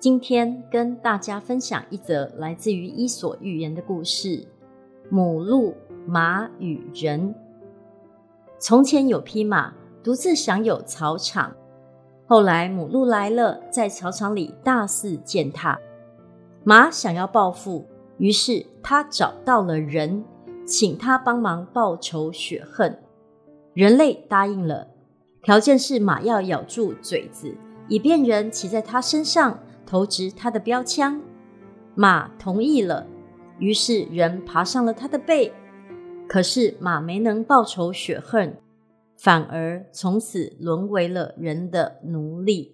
今天跟大家分享一則來自於《伊索寓言》的故事：牡鹿、馬與人。從前有匹馬獨自享有草場，後來牡鹿來了，在草場裡大肆踐踏。馬想要報復，於是他找到了人，請他幫忙報仇雪恨。人類答應了，條件是馬要咬住嘴子，以便人騎在它身上。投擲他的標槍，馬同意了。於是人爬上了他的背，可是馬沒能報仇雪恨，反而從此淪為了人的奴隸。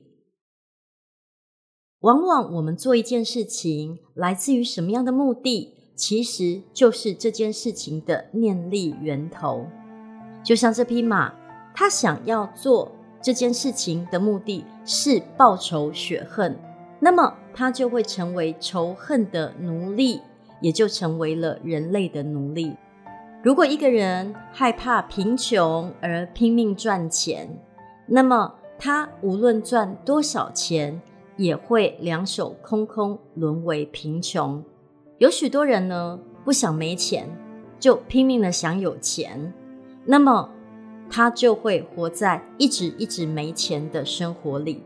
往往我們做一件事情，來自於什麼樣的目的，其實就是這件事情的念力源頭。就像這匹馬，他想要做這件事情的目的是報仇雪恨。那麼他就會成為仇恨的奴隸，也就成為了人類的奴隸。如果一個人害怕貧窮而拼命賺錢，那麼他無論賺多少錢，也會兩手空空，淪為貧窮。有許多人呢，不想沒錢，就拼命的想有錢，那麼他就會活在一直一直沒錢的生活裡。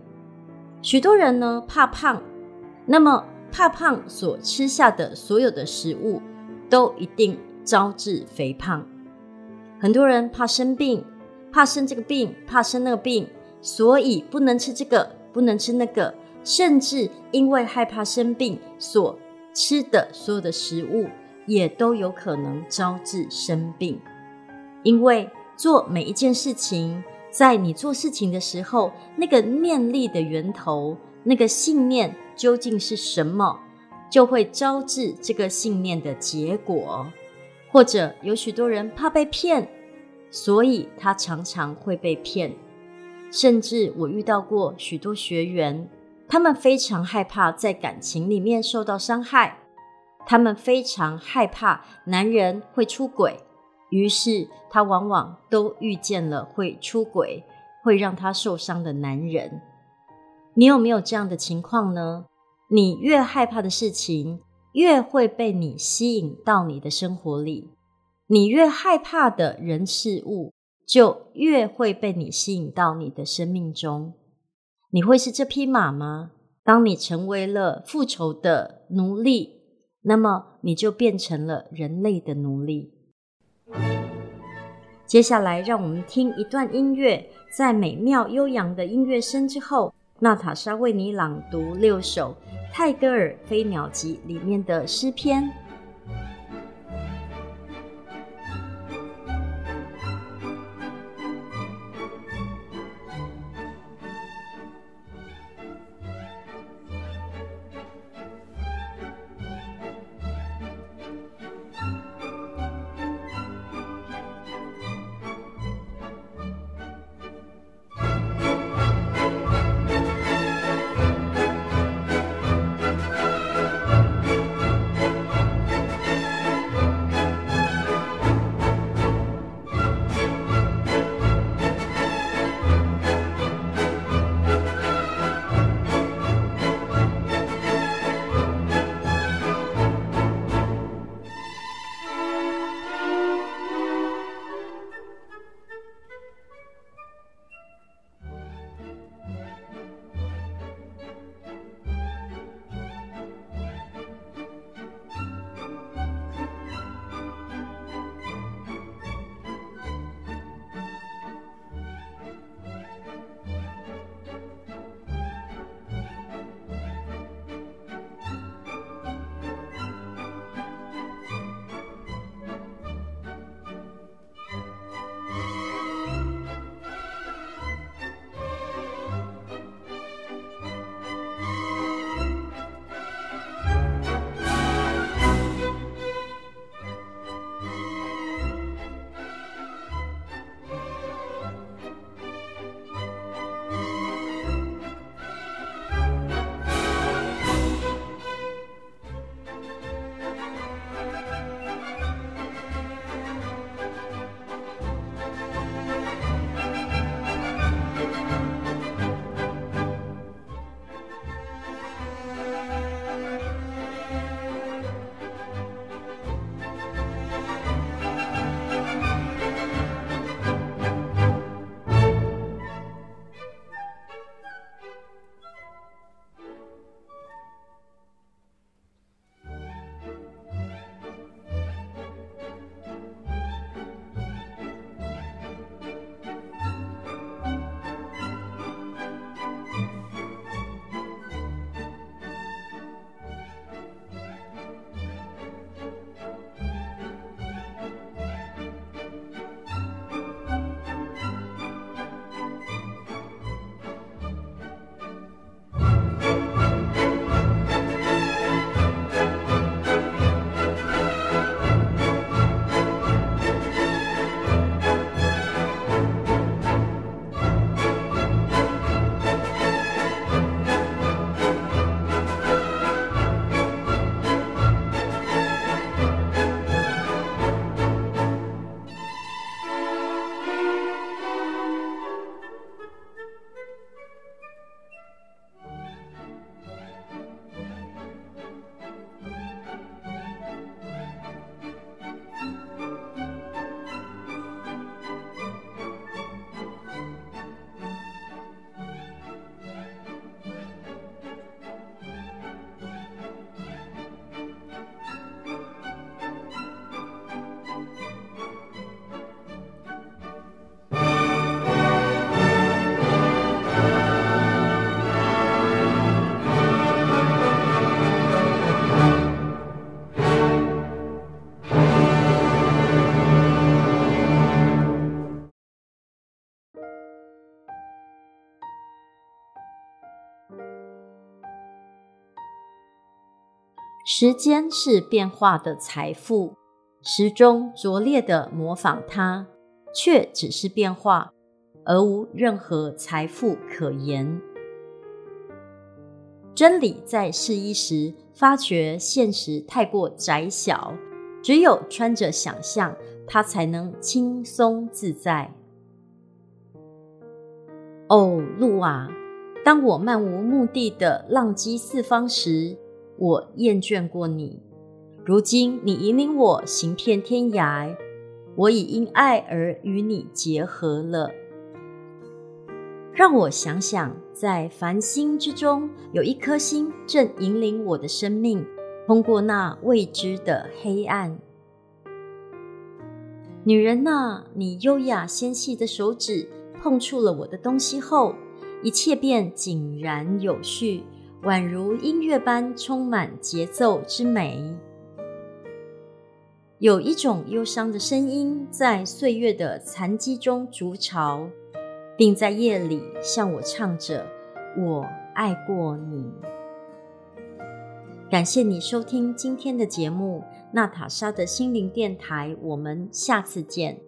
許多人呢，怕胖，那麼怕胖所吃下的所有的食物都一定招致肥胖。很多人怕生病，怕生這個病，怕生那個病，所以不能吃這個，不能吃那個，甚至因為害怕生病所吃的所有的食物也都有可能招致生病。因為做每一件事情。在你做事情的時候，那個念力的源頭，那個信念究竟是什麼，就會招致這個信念的結果。或者有許多人怕被騙，所以他常常會被騙。甚至我遇到過許多學員，他們非常害怕在感情裡面受到傷害，他們非常害怕男人會出軌。於是，他往往都遇見了會出軌、會讓他受傷的男人。你有沒有這樣的情況呢？你越害怕的事情，越會被你吸引到你的生活裡；你越害怕的人事物，就越會被你吸引到你的生命中。你會是這匹馬嗎？當你成為了復仇的奴隸，那麼你就變成了人類的奴隸。接下來，讓我們聽一段音樂。在美妙悠揚的音樂聲之後，娜塔莎為你朗讀六首泰戈爾《飛鳥集》裡面的詩篇。時間是變化的財富，時鐘拙劣地模仿它，卻只是變化，而無任何財富可言。真理在試衣時發覺現實太過窄小，只有穿着想象，它才能輕鬆自在。哦，路啊，當我漫無目的地浪跡四方時。我厭倦過你，如今你引領我行遍天涯，我已因愛而與你結合了。讓我想想，在繁星之中，有一顆星正引領我的生命，通過那未知的黑暗。女人吶、啊，你優雅纖細的手指碰觸了我的東西後，一切便井然有序。宛如音樂般充滿節奏之美，有一種憂傷的聲音在歲月的殘跡中築巢，並在夜裡向我唱着“我愛過你”。感謝你收聽今天的節目《娜塔莎的心靈電台》，我們下次見。